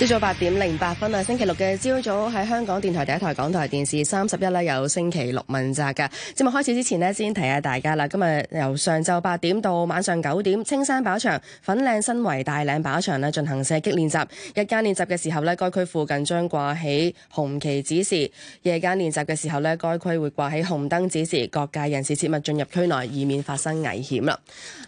朝早八點零八分啊，星期六嘅朝早喺香港電台第一台港台電視三十一咧有星期六問責嘅節目開始之前咧，先提下大家啦。今日由上晝八點到晚上九點，青山靶場、粉嶺新圍大嶺靶場咧進行射擊練習。日間練習嘅時候咧，該區附近將掛起紅旗指示；夜間練習嘅時候咧，該區會掛起紅燈指示，各界人士切勿進入區內，以免發生危險啦。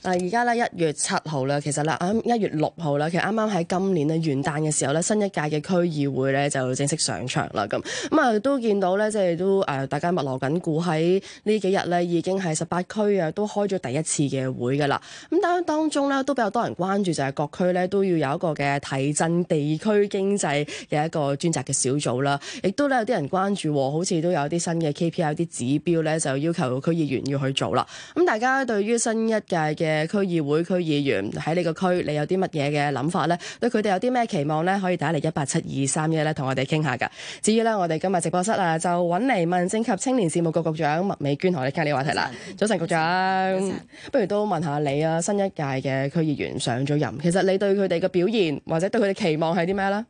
而家咧一月七號啦，其實啦，一月六號啦，其實啱啱喺今年嘅元旦嘅時候咧。新一屆嘅區議會咧就正式上場啦，咁咁啊都見到咧，即係都誒，大家密鑼緊鼓喺呢幾日咧，已經係十八區啊都開咗第一次嘅會噶啦。咁、嗯、但當中咧都比較多人關注，就係、是、各區咧都要有一個嘅提振地區經濟嘅一個專責嘅小組啦。亦都咧有啲人關注，好似都有啲新嘅 KPI、啲指標咧就要求區議員要去做啦。咁、嗯、大家對於新一屆嘅區議會區議員喺呢個區，你有啲乜嘢嘅諗法咧？對佢哋有啲咩期望咧？可以？可以打嚟一八七二三一咧，同我哋傾下噶。至於咧，我哋今日直播室啊，就揾嚟民政及青年事務局局，局長麥美娟同我哋傾呢個話題啦。早晨，局長，不如都問下你啊，新一屆嘅區議員上咗任，其實你對佢哋嘅表現或者對佢哋期望係啲咩咧？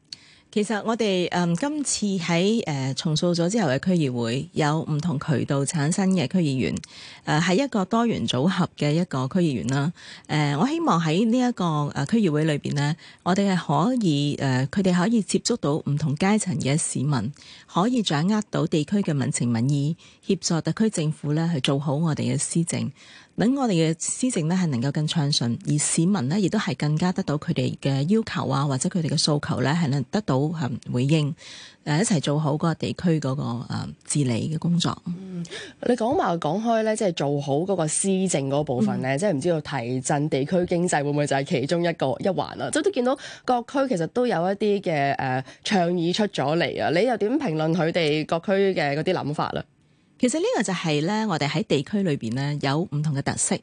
其實我哋誒、嗯，今次喺誒、呃、重塑咗之後嘅區議會，有唔同渠道產生嘅區議員，誒、呃、係一個多元組合嘅一個區議員啦。誒、呃，我希望喺呢一個誒區議會裏邊咧，我哋係可以誒，佢、呃、哋可以接觸到唔同階層嘅市民，可以掌握到地區嘅民情民意，協助特區政府咧去做好我哋嘅施政。等我哋嘅施政呢，係能夠更暢順，而市民呢，亦都係更加得到佢哋嘅要求啊，或者佢哋嘅訴求呢，係能得到響回、嗯、應，誒一齊做好嗰個地區嗰、那個、呃、治理嘅工作。嗯、你講埋講開呢，即係、就是、做好嗰個施政嗰部分呢，即係唔知道提振地區經濟會唔會就係其中一個一環啊。咁都見到各區其實都有一啲嘅誒倡議出咗嚟啊，你又點評論佢哋各區嘅嗰啲諗法啦？其實呢個就係咧，我哋喺地區裏邊咧有唔同嘅特色，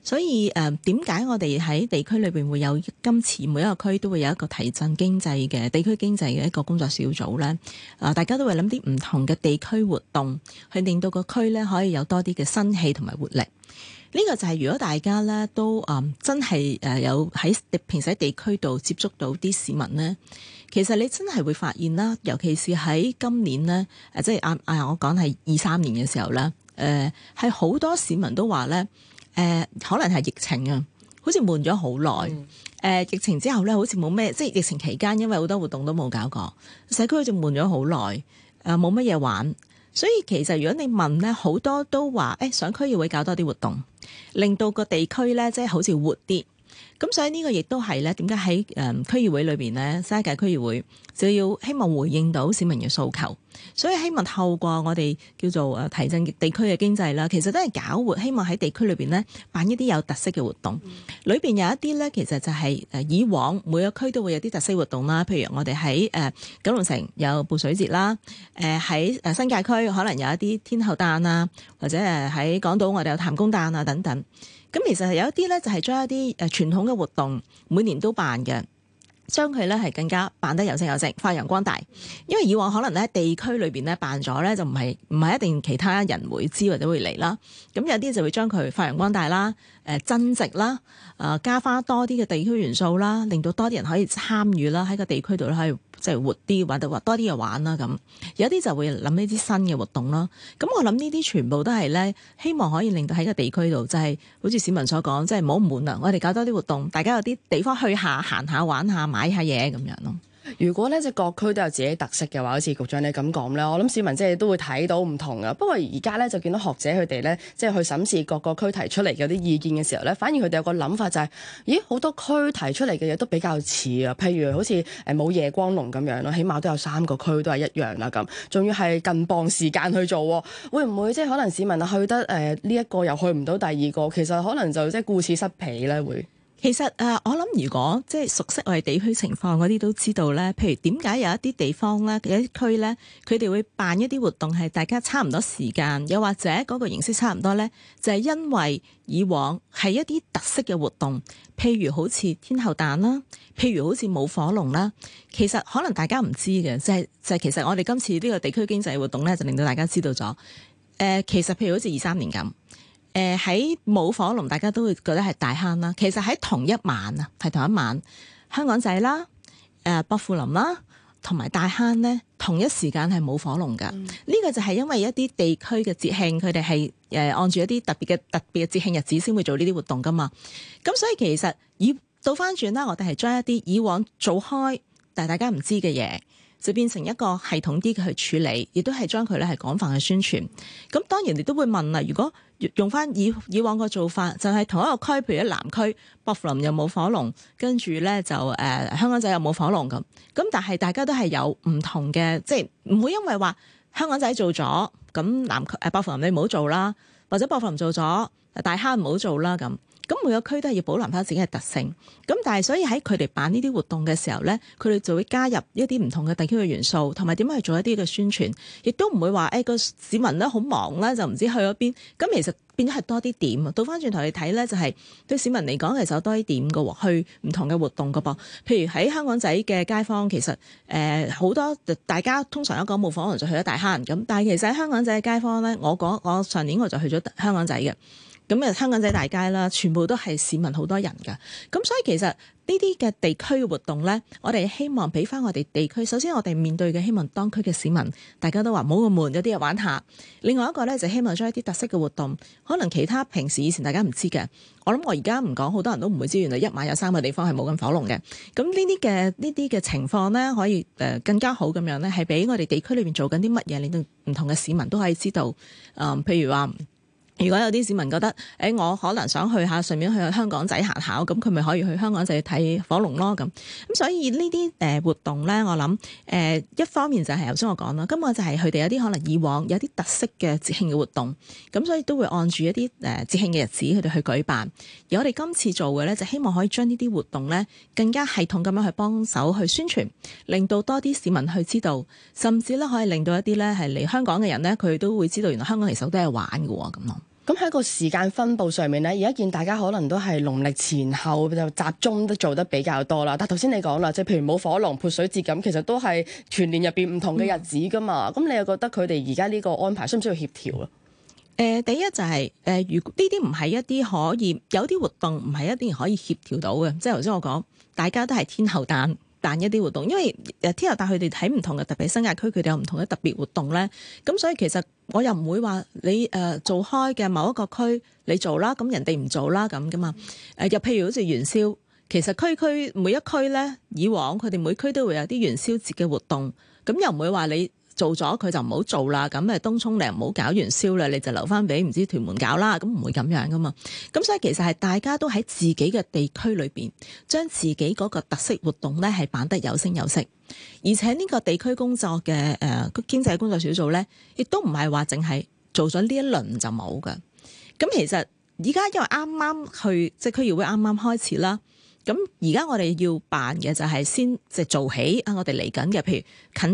所以誒、點、呃、解我哋喺地區裏邊會有今次每一個區都會有一個提振經濟嘅地區經濟嘅一個工作小組咧？啊、呃，大家都會諗啲唔同嘅地區活動，去令到個區咧可以有多啲嘅生氣同埋活力。呢、這個就係如果大家咧都誒、呃、真係誒有喺平時喺地區度接觸到啲市民咧。其實你真係會發現啦，尤其是喺今年呢。誒即係啱啱我講係二三年嘅時候咧，誒係好多市民都話咧，誒、呃、可能係疫情啊，好似悶咗好耐。誒、嗯呃、疫情之後咧，好似冇咩，即係疫情期間因為好多活動都冇搞過，社區仲悶咗好耐，誒冇乜嘢玩。所以其實如果你問咧，好多都話，誒、欸、想區議會搞多啲活動，令到個地區咧即係好似活啲。咁所以呢個亦都係咧，點解喺誒區議會裏邊咧，新一屆區議會就要希望回應到市民嘅訴求，所以希望透過我哋叫做誒提振地區嘅經濟啦，其實都係搞活，希望喺地區裏邊咧辦一啲有特色嘅活動。裏邊有一啲咧，其實就係誒以往每個區都會有啲特色活動啦，譬如我哋喺誒九龍城有潑水節啦，誒喺誒新界區可能有一啲天后誕啊，或者誒喺港島我哋有譚公誕啊等等。咁其實係有一啲咧，就係將一啲誒傳統嘅活動每年都辦嘅，將佢咧係更加辦得有聲有色，發揚光大。因為以往可能咧地區裏邊咧辦咗咧，就唔係唔係一定其他人會知或者會嚟啦。咁有啲就會將佢發揚光大啦，誒增值啦，啊、呃、加翻多啲嘅地區元素啦，令到多啲人可以參與啦，喺個地區度咧可以。即係活啲，或者玩多啲嘢玩啦咁，有啲就會諗呢啲新嘅活動啦。咁我諗呢啲全部都係咧，希望可以令到喺個地區度，就係好似市民所講，即係唔好悶啦。我哋搞多啲活動，大家有啲地方去下、行下、玩下、買下嘢咁樣咯。如果咧即係各區都有自己特色嘅話，好似局長你咁講啦。我諗市民即係都會睇到唔同嘅。不過而家咧就見到學者佢哋咧，即係去審視各個區提出嚟嘅啲意見嘅時候咧，反而佢哋有個諗法就係，咦好多區提出嚟嘅嘢都比較似啊，譬如好似誒冇夜光龍咁樣咯，起碼都有三個區都係一樣啦咁，仲要係近傍時間去做，會唔會即係可能市民啊去得誒呢一個又去唔到第二個，其實可能就即係顧此失彼咧會？其實誒、呃，我諗如果即係熟悉我哋地區情況嗰啲都知道咧，譬如點解有一啲地方咧、一區咧，佢哋會辦一啲活動係大家差唔多時間，又或者嗰個形式差唔多咧，就係、是、因為以往係一啲特色嘅活動，譬如好似天后誕啦，譬如好似舞火龍啦，其實可能大家唔知嘅，就係、是、就係、是、其實我哋今次呢個地區經濟活動咧，就令到大家知道咗。誒、呃，其實譬如好似二三年咁。誒，喺舞、呃、火龍，大家都會覺得係大坑啦。其實喺同一晚啊，係同一晚，香港仔啦、誒、呃，薄扶林啦，同埋大坑咧，同一時間係舞火龍噶。呢、嗯、個就係因為一啲地區嘅節慶，佢哋係誒按住一啲特別嘅特別嘅節慶日子先會做呢啲活動噶嘛。咁所以其實以倒翻轉啦，我哋係將一啲以往做開但係大家唔知嘅嘢，就變成一個系統啲嘅去處理，亦都係將佢咧係廣泛嘅宣傳。咁當然你都會問啦，如果用返以以往個做法，就係、是、同一個區，譬如喺南區薄扶林又冇火龍，跟住咧就誒、呃、香港仔又冇火龍咁。咁但係大家都係有唔同嘅，即係唔會因為話香港仔做咗咁南區、呃、薄扶林你唔好做啦，或者薄扶林做咗大坑唔好做啦咁。咁每個區都係要保留翻自己嘅特性，咁但係所以喺佢哋辦呢啲活動嘅時候咧，佢哋就會加入一啲唔同嘅地區嘅元素，同埋點樣去做一啲嘅宣傳，亦都唔會話誒、哎、個市民咧好忙啦，就唔知去咗邊。咁其實變咗係多啲點啊！倒翻轉頭去睇咧，就係、是、對市民嚟講其實有多啲點嘅喎，去唔同嘅活動嘅噃。譬如喺香港仔嘅街坊，其實誒好、呃、多大家通常一講冇房可能就去咗大坑咁，但係其實喺香港仔嘅街坊咧，我講我上年我就去咗香港仔嘅。咁啊，香港仔大街啦，全部都係市民好多人㗎。咁所以其實呢啲嘅地區活動呢，我哋希望俾翻我哋地區，首先我哋面對嘅希望，當區嘅市民大家都話冇咁悶，有啲嘢玩下。另外一個呢，就希望將一啲特色嘅活動，可能其他平時以前大家唔知嘅，我諗我而家唔講，好多人都唔會知。原來一晚有三個地方係舞緊火龍嘅。咁呢啲嘅呢啲嘅情況呢，可以誒、呃、更加好咁樣呢，係俾我哋地區裏面做緊啲乜嘢，令到唔同嘅市民都可以知道。呃、譬如話。如果有啲市民覺得，誒、欸、我可能想去下，順便去香港仔行下，咁佢咪可以去香港仔睇火龍咯。咁、咁、嗯、所以呢啲誒活動咧，我諗誒、呃、一方面就係頭先我講啦，咁就係佢哋有啲可能以往有啲特色嘅節慶嘅活動，咁、嗯、所以都會按住一啲誒、呃、節慶嘅日子佢哋去舉辦。而我哋今次做嘅咧，就希望可以將呢啲活動咧更加系統咁樣去幫手去宣傳，令到多啲市民去知道，甚至咧可以令到一啲咧係嚟香港嘅人咧，佢都會知道原來香港其實都多嘢玩嘅喎，咁咯。咁喺個時間分佈上面呢，而家見大家可能都係農曆前後就集中都做得比較多啦。但頭先你講啦，即係譬如冇火龍潑水節咁，其實都係全年入邊唔同嘅日子噶嘛。咁、嗯、你又覺得佢哋而家呢個安排需唔需要協調啊？誒、呃，第一就係、是、誒，如呢啲唔係一啲可以有啲活動唔係一啲可以協調到嘅，即係頭先我講大家都係天后誕誕一啲活動，因為誒天后誕佢哋喺唔同嘅，特別喺新界區佢哋有唔同嘅特別活動咧，咁所以其實。我又唔會話你誒、呃、做開嘅某一個區你做啦，咁人哋唔做啦咁噶嘛？誒又譬如好似元宵，其實區區每一區咧，以往佢哋每區都會有啲元宵節嘅活動，咁又唔會話你做咗佢就唔好做啦，咁誒東涌你唔好搞元宵啦，你就留翻俾唔知屯門搞啦，咁唔會咁樣噶嘛？咁所以其實係大家都喺自己嘅地區裏邊，將自己嗰個特色活動咧係辦得有聲有色。而且呢個地區工作嘅誒、呃、經濟工作小組咧，亦都唔係話淨係做咗呢一輪就冇嘅。咁其實而家因為啱啱去即係區議會啱啱開始啦。咁而家我哋要辦嘅就係先即係做起啊！我哋嚟緊嘅，譬如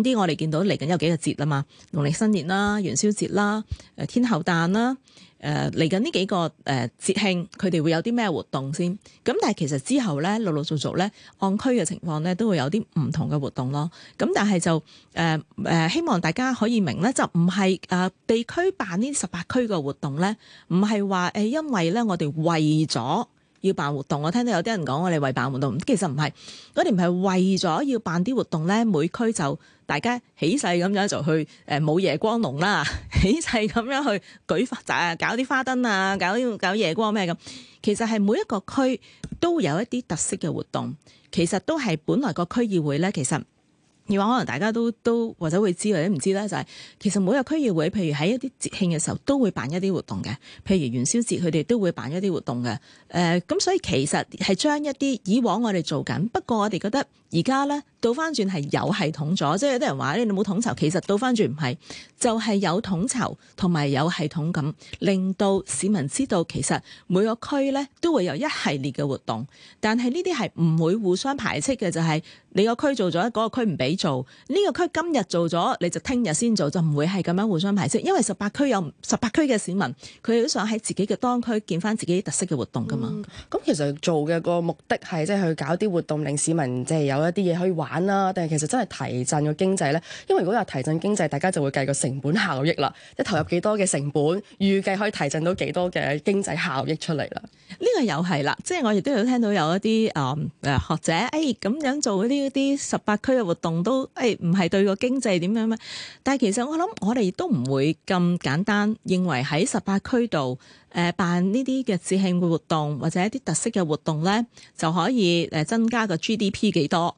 近啲，我哋見到嚟緊有幾個節啊嘛，農曆新年啦、元宵節啦、誒、呃、天后誕啦、誒嚟緊呢幾個誒節慶，佢哋會有啲咩活動先？咁但係其實之後咧，陸陸續續咧，按區嘅情況咧，都會有啲唔同嘅活動咯。咁但係就誒誒、呃，希望大家可以明咧，就唔係啊地區辦呢十八區嘅活動咧，唔係話誒因為咧，我哋為咗，要辦活動，我聽到有啲人講我哋為辦活動，其實唔係我哋唔係為咗要辦啲活動咧，每區就大家起勢咁樣就去誒舞、呃、夜光龍啦，起勢咁樣去舉花啊，搞啲花燈啊，搞搞夜光咩咁，其實係每一個區都有一啲特色嘅活動，其實都係本來個區議會咧，其實。以往可能大家都都或者會知或者唔知啦，就係、是、其實每個區議會譬如喺一啲節慶嘅時候，都會辦一啲活動嘅。譬如元宵節佢哋都會辦一啲活動嘅。誒、呃，咁所以其實係將一啲以往我哋做緊，不過我哋覺得。而家咧，倒翻轉係有系統咗，即係有啲人話咧，你冇統籌，其實倒翻轉唔係就係、是、有統籌同埋有系統咁，令到市民知道其實每個區咧都會有一系列嘅活動，但係呢啲係唔會互相排斥嘅，就係、是、你、那個區做咗，個區唔俾做，呢、這個區今日做咗你就聽日先做，就唔會係咁樣互相排斥，因為十八區有十八區嘅市民，佢都想喺自己嘅當區見翻自己特色嘅活動㗎嘛。咁、嗯、其實做嘅個目的係即係去搞啲活動令市民即係有。有一啲嘢可以玩啦，定係其實真係提振個經濟咧？因為如果有提振經濟，大家就會計個成本效益啦，即投入幾多嘅成本，預計可以提振到幾多嘅經濟效益出嚟啦。呢個又係啦，即係我亦都有聽到有一啲誒誒學者誒咁、哎、樣做呢啲十八區嘅活動都誒唔係對個經濟點樣咩？但係其實我諗我哋亦都唔會咁簡單認為喺十八區度。誒、呃、辦呢啲嘅節慶活動或者一啲特色嘅活動咧，就可以誒增加個 GDP 幾多？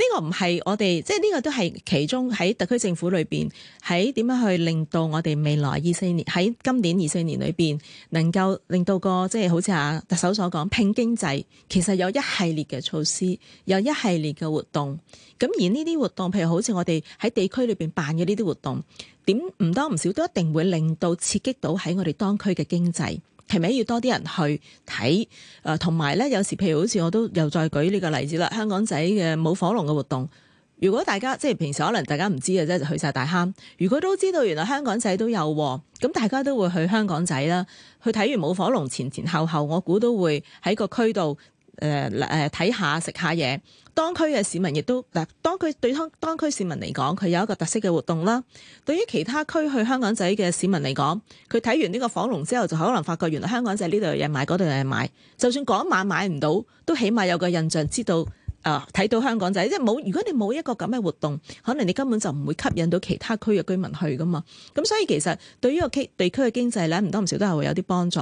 呢個唔係我哋，即係呢個都係其中喺特區政府裏邊，喺點樣去令到我哋未來二四年喺今年二四年裏邊能夠令到個即係、就是、好似阿特首所講拼經濟，其實有一系列嘅措施，有一系列嘅活動。咁而呢啲活動，譬如好似我哋喺地區裏邊辦嘅呢啲活動，點唔多唔少都一定會令到刺激到喺我哋當區嘅經濟。係咪要多啲人去睇？誒，同埋咧，有時譬如好似我都又再舉呢個例子啦。香港仔嘅舞火龍嘅活動，如果大家即係平時可能大家唔知嘅，啫，就去晒大坑；如果都知道原來香港仔都有，咁大家都會去香港仔啦，去睇完舞火龍前前後後，我估都會喺個區度。誒誒，睇、呃呃、下食下嘢，當區嘅市民亦都嗱，當區對當當區市民嚟講，佢有一個特色嘅活動啦。對於其他區去香港仔嘅市民嚟講，佢睇完呢個火龍之後，就可能發覺原來香港仔呢度有嘢買，嗰度有嘢買。就算嗰晚買唔到，都起碼有個印象知道啊，睇、呃、到香港仔。即係冇，如果你冇一個咁嘅活動，可能你根本就唔會吸引到其他區嘅居民去㗎嘛。咁所以其實對於個區地區嘅經濟咧，唔多唔少都係會有啲幫助。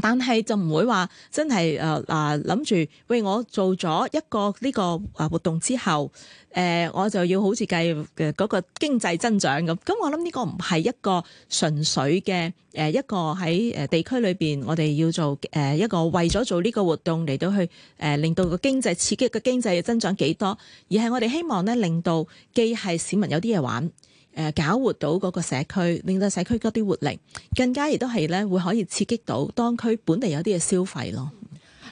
但係就唔會話真係誒嗱諗住，喂我做咗一個呢個誒活動之後，誒、呃、我就要好似計嘅嗰個經濟增長咁。咁我諗呢個唔係一個純粹嘅誒、呃、一個喺誒地區裏邊我哋要做誒、呃、一個為咗做呢個活動嚟到去誒、呃、令到個經濟刺激個經濟增長幾多，而係我哋希望咧令到既係市民有啲嘢玩。誒搞活到嗰個社區，令到社區嗰啲活力更加，亦都係咧會可以刺激到當區本地有啲嘅消費咯。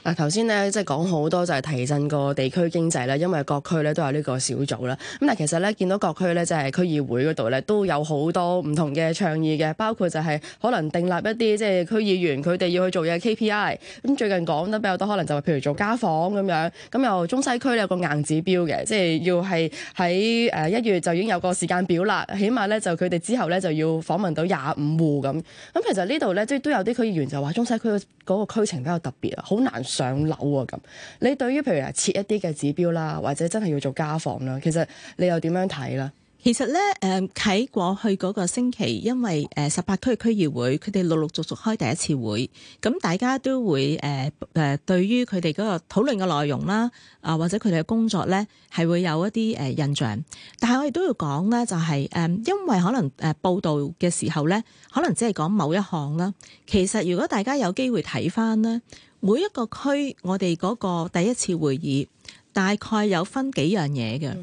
嗱，頭先咧即係講好多就係提振個地區經濟啦，因為各區咧都有呢個小組啦。咁但其實咧見到各區咧就係、是、區議會嗰度咧都有好多唔同嘅倡議嘅，包括就係可能訂立一啲即係區議員佢哋要去做嘢 KPI、嗯。咁最近講得比較多，可能就譬如做家訪咁樣。咁、嗯、又中西區咧有個硬指標嘅，即係要係喺誒一月就已經有個時間表啦，起碼咧就佢哋之後咧就要訪問到廿五戶咁。咁、嗯、其實呢度咧即係都有啲區議員就話中西區嗰個區情比較特別啊，好難上樓啊咁。你對於譬如啊設一啲嘅指標啦，或者真係要做家訪啦，其實你又點樣睇啦？其實咧，誒喺過去嗰個星期，因為誒十八區區議會，佢哋陸陸續續開第一次會，咁大家都會誒誒對於佢哋嗰個討論嘅內容啦，啊或者佢哋嘅工作咧，係會有一啲誒印象。但係我哋都要講咧，就是，就係誒因為可能誒報道嘅時候咧，可能只係講某一項啦。其實如果大家有機會睇翻，咧，每一個區我哋嗰個第一次會議，大概有分幾樣嘢嘅。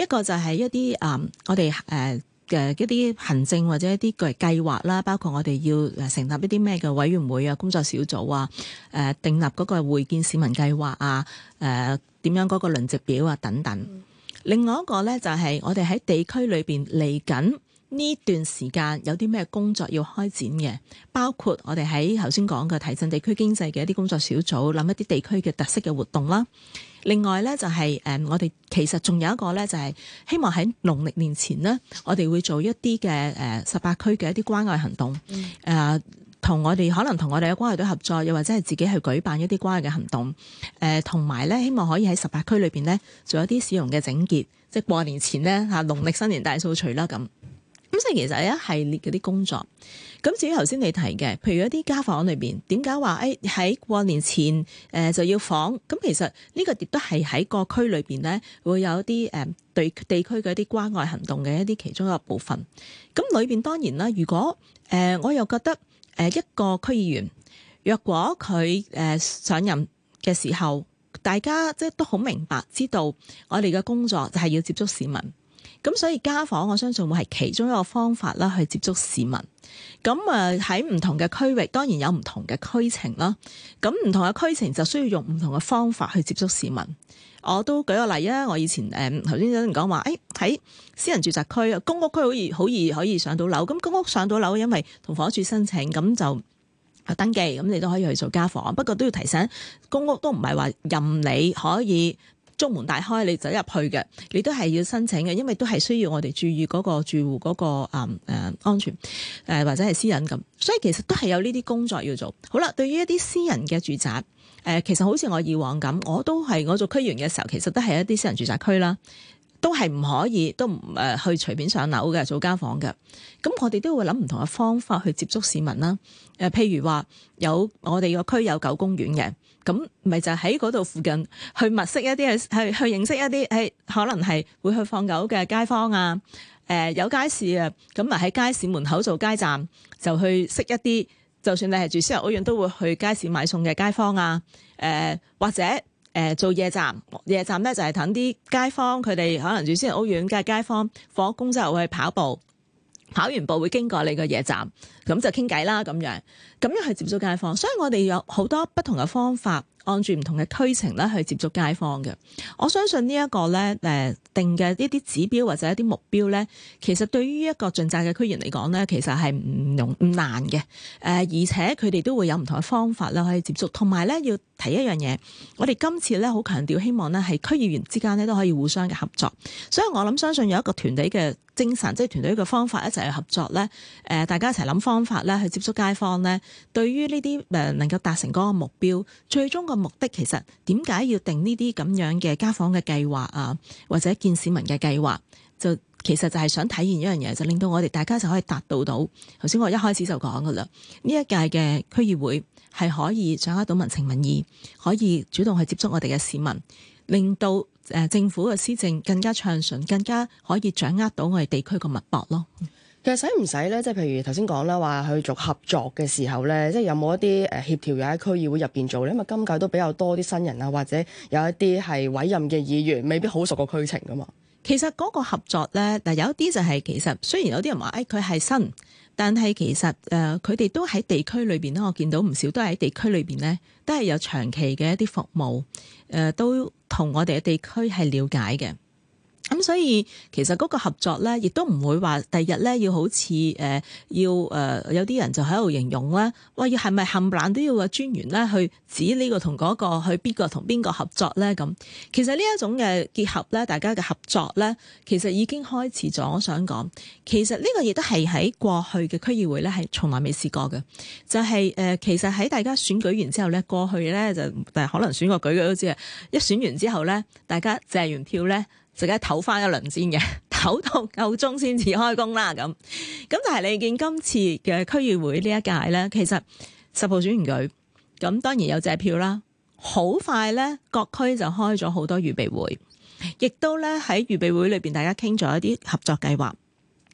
一個就係一啲誒、嗯，我哋誒嘅一啲行政或者一啲嘅計劃啦，包括我哋要成立一啲咩嘅委員會啊、工作小組啊，誒、呃、訂立嗰個會見市民計劃啊，誒、呃、點樣嗰個輪值表啊等等。嗯、另外一個咧就係我哋喺地區裏邊嚟緊呢段時間有啲咩工作要開展嘅，包括我哋喺頭先講嘅提振地區經濟嘅一啲工作小組，諗一啲地區嘅特色嘅活動啦。另外咧就係誒，我哋其實仲有一個咧，就係希望喺農曆年前呢，我哋會做一啲嘅誒十八區嘅一啲關愛行動，誒同我哋可能同我哋嘅關愛隊合作，又或者係自己去舉辦一啲關愛嘅行動，誒同埋咧希望可以喺十八區裏邊呢，做一啲市容嘅整潔，即係過年前呢，嚇農曆新年大掃除啦咁。咁即係其實一系列嗰啲工作。咁至於頭先你提嘅，譬如一啲家訪裏邊，點解話誒喺過年前誒就要訪。咁其實呢個亦都係喺個區裏邊咧，會有一啲誒對地區嘅一啲關愛行動嘅一啲其中一個部分。咁裏邊當然啦，如果誒我又覺得誒一個區議員，若果佢誒上任嘅時候，大家即係都好明白知道，我哋嘅工作就係要接觸市民。咁所以家訪我相信會係其中一個方法啦，去接觸市民。咁啊喺唔同嘅區域，當然有唔同嘅區情啦。咁唔同嘅區情就需要用唔同嘅方法去接觸市民。我都舉個例啊，我以前誒頭先有人講話，誒、嗯、喺、哎、私人住宅區、公屋區可以好易可以上到樓。咁公屋上到樓，因為同房署申請，咁就登記，咁你都可以去做家訪。不過都要提醒，公屋都唔係話任你可以，中門大開，你走入去嘅，你都係要申請嘅，因為都係需要我哋注意嗰個住戶嗰個誒安全誒、呃呃呃、或者係私隱咁，所以其實都係有呢啲工作要做好啦。對於一啲私人嘅住宅誒、呃，其實好似我以往咁，我都係我做區員嘅時候，其實都係一啲私人住宅區啦，都係唔可以都唔誒、呃、去隨便上樓嘅做家訪嘅。咁我哋都會諗唔同嘅方法去接觸市民啦。誒、呃，譬如話有我哋個區有狗公園嘅。咁咪、嗯、就喺嗰度附近去物色一啲去去認識一啲，誒可能係會去放狗嘅街坊啊。誒、呃，有街市啊，咁咪喺街市門口做街站，就去識一啲。就算你係住私人屋苑，都會去街市買餸嘅街坊啊。誒、呃，或者誒、呃、做夜站，夜站咧，就係等啲街坊，佢哋可能住私人屋苑嘅街坊放工之後去跑步。跑完步會經過你個夜站，咁就傾偈啦咁樣，咁樣去接觸街坊，所以我哋有好多不同嘅方法，按住唔同嘅推程咧去接觸街坊嘅。我相信呢、這個、一個咧，誒定嘅一啲指標或者一啲目標咧，其實對於一個盡責嘅區議員嚟講咧，其實係唔容唔難嘅。誒而且佢哋都會有唔同嘅方法咧可以接觸，同埋咧要。提一樣嘢，我哋今次咧好強調，希望咧係區議員之間咧都可以互相嘅合作，所以我諗相信有一個團隊嘅精神，即係團隊嘅方法一齊去合作咧。誒、呃，大家一齊諗方法咧去接觸街坊咧，對於呢啲誒能夠達成嗰個目標，最終個目的其實點解要定呢啲咁樣嘅家訪嘅計劃啊，或者見市民嘅計劃就？其實就係想體現一樣嘢，就令到我哋大家就可以達到到。頭先我一開始就講噶啦，呢一屆嘅區議會係可以掌握到民情民意，可以主動去接觸我哋嘅市民，令到誒、呃、政府嘅施政更加暢順，更加可以掌握到我哋地區個脈搏咯。其實使唔使呢？即係譬如頭先講啦，話去做合作嘅時候呢，即係有冇一啲誒協調嘅喺區議會入邊做呢？因為今屆都比較多啲新人啊，或者有一啲係委任嘅議員，未必好熟個區情噶嘛。其實嗰個合作咧，嗱，有一啲就係其實雖然有啲人話誒佢係新，但係其實誒佢哋都喺地區裏邊啦，我見到唔少都喺地區裏邊咧，都係有長期嘅一啲服務，誒、呃、都同我哋嘅地區係了解嘅。咁、嗯、所以其實嗰個合作咧，亦都唔會話第日咧要好似誒要誒有啲人就喺度形容啦，哇、呃！要係咪冚唪唥都要個專員咧去指呢個同嗰、那個去邊個同邊個合作咧？咁其實呢一種嘅結合咧，大家嘅合作咧，其實已經開始咗。我想講，其實呢個亦都係喺過去嘅區議會咧，係從來未試過嘅。就係、是、誒、呃、其實喺大家選舉完之後咧，過去咧就但係可能選個舉舉都知啊，一選完之後咧，大家謝完票咧。陣間 就一唞翻一輪先嘅，唞到夠鐘先至開工啦咁。咁就係你見今次嘅區議會呢一屆咧，其實十號選完佢，咁當然有借票啦。好快咧，各區就開咗好多預備會，亦都咧喺預備會裏邊大家傾咗一啲合作計劃。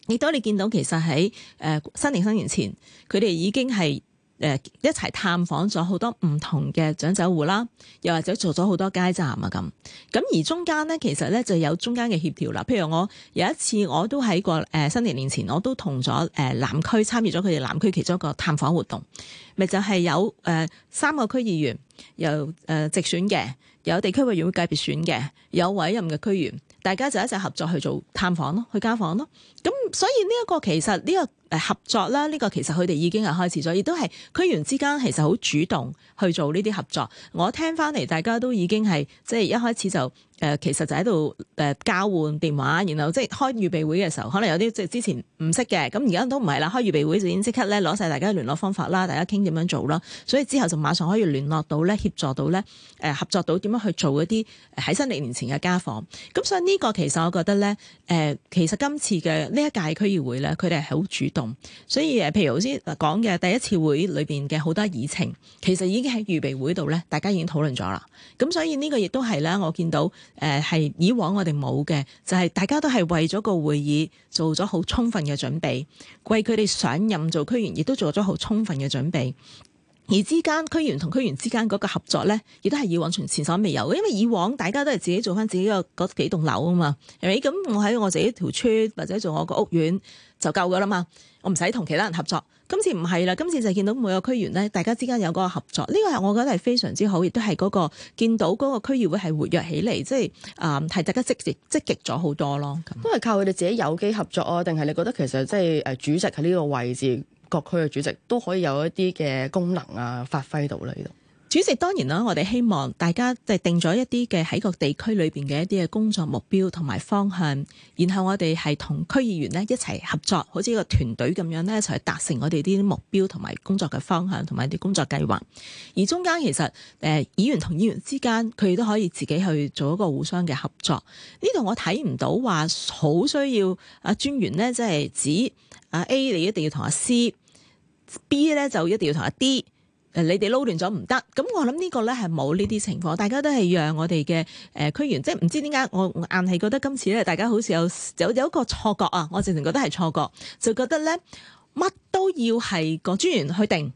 亦都你見到其實喺誒新年新年前，佢哋已經係。誒一齊探訪咗好多唔同嘅長者戶啦，又或者做咗好多街站啊咁。咁而中間咧，其實咧就有中間嘅協調啦。譬如我有一次，我都喺個誒新年年前，我都同咗誒南區參與咗佢哋南區其中一個探訪活動，咪就係、係、有誒、呃、三個區議員，有誒、呃、直選嘅，有地區委員會界別選嘅，有委任嘅區議員，大家就一齊合作去做探訪咯，去家訪咯。咁所以呢一個其實呢、呢個。誒合作啦，呢、這個其實佢哋已經係開始咗，亦都係區議員之間其實好主動去做呢啲合作。我聽翻嚟，大家都已經係即係一開始就誒、呃，其實就喺度誒交換電話，然後即係開預備會嘅時候，可能有啲即係之前唔識嘅，咁而家都唔係啦。開預備會就已經即刻咧攞晒大家聯絡方法啦，大家傾點樣做啦，所以之後就馬上可以聯絡到咧，協助到咧，誒、呃、合作到點樣去做一啲喺新曆年前嘅家訪。咁所以呢個其實我覺得咧，誒、呃、其實今次嘅呢一屆區議會咧，佢哋係好主動。動，所以誒，譬如頭先講嘅第一次會議裏邊嘅好多議程，其實已經喺預備會度咧，大家已經討論咗啦。咁所以呢個亦都係咧，我見到誒係、呃、以往我哋冇嘅，就係、是、大家都係為咗個會議做咗好充分嘅準備，為佢哋上任做區員亦都做咗好充分嘅準備。而之間區員同區員之間嗰個合作咧，亦都係以往從前所未有。因為以往大家都係自己做返自己個嗰幾棟樓啊嘛，係咪？咁我喺我自己條村或者做我個屋苑就夠㗎喇嘛，我唔使同其他人合作。今次唔係啦，今次就係見到每個區員咧，大家之間有嗰個合作。呢、這個係我覺得係非常之好，亦都係嗰個見到嗰個區議會係活躍起嚟，即係啊，係、嗯、大家積極積極咗好多咯。都係靠佢哋自己有機合作啊？定係你覺得其實即係誒主席喺呢個位置？各區嘅主席都可以有一啲嘅功能啊，發揮到嚟度。主席當然啦，我哋希望大家即係定咗一啲嘅喺個地區裏邊嘅一啲嘅工作目標同埋方向，然後我哋係同區議員咧一齊合作，好似一個團隊咁樣咧，一齊達成我哋啲目標同埋工作嘅方向同埋啲工作計劃。而中間其實誒、呃、議員同議員之間，佢哋都可以自己去做一個互相嘅合作。呢度我睇唔到話好需要啊專員咧，即係指。A 你一定要同阿 C，B 咧就一定要同阿 D，誒你哋撈亂咗唔得，咁我諗呢個咧係冇呢啲情況，大家都係讓我哋嘅誒區員，即係唔知點解我硬係覺得今次咧大家好似有有有一個錯覺啊，我直情覺得係錯覺，就覺得咧乜都要係個專員去定，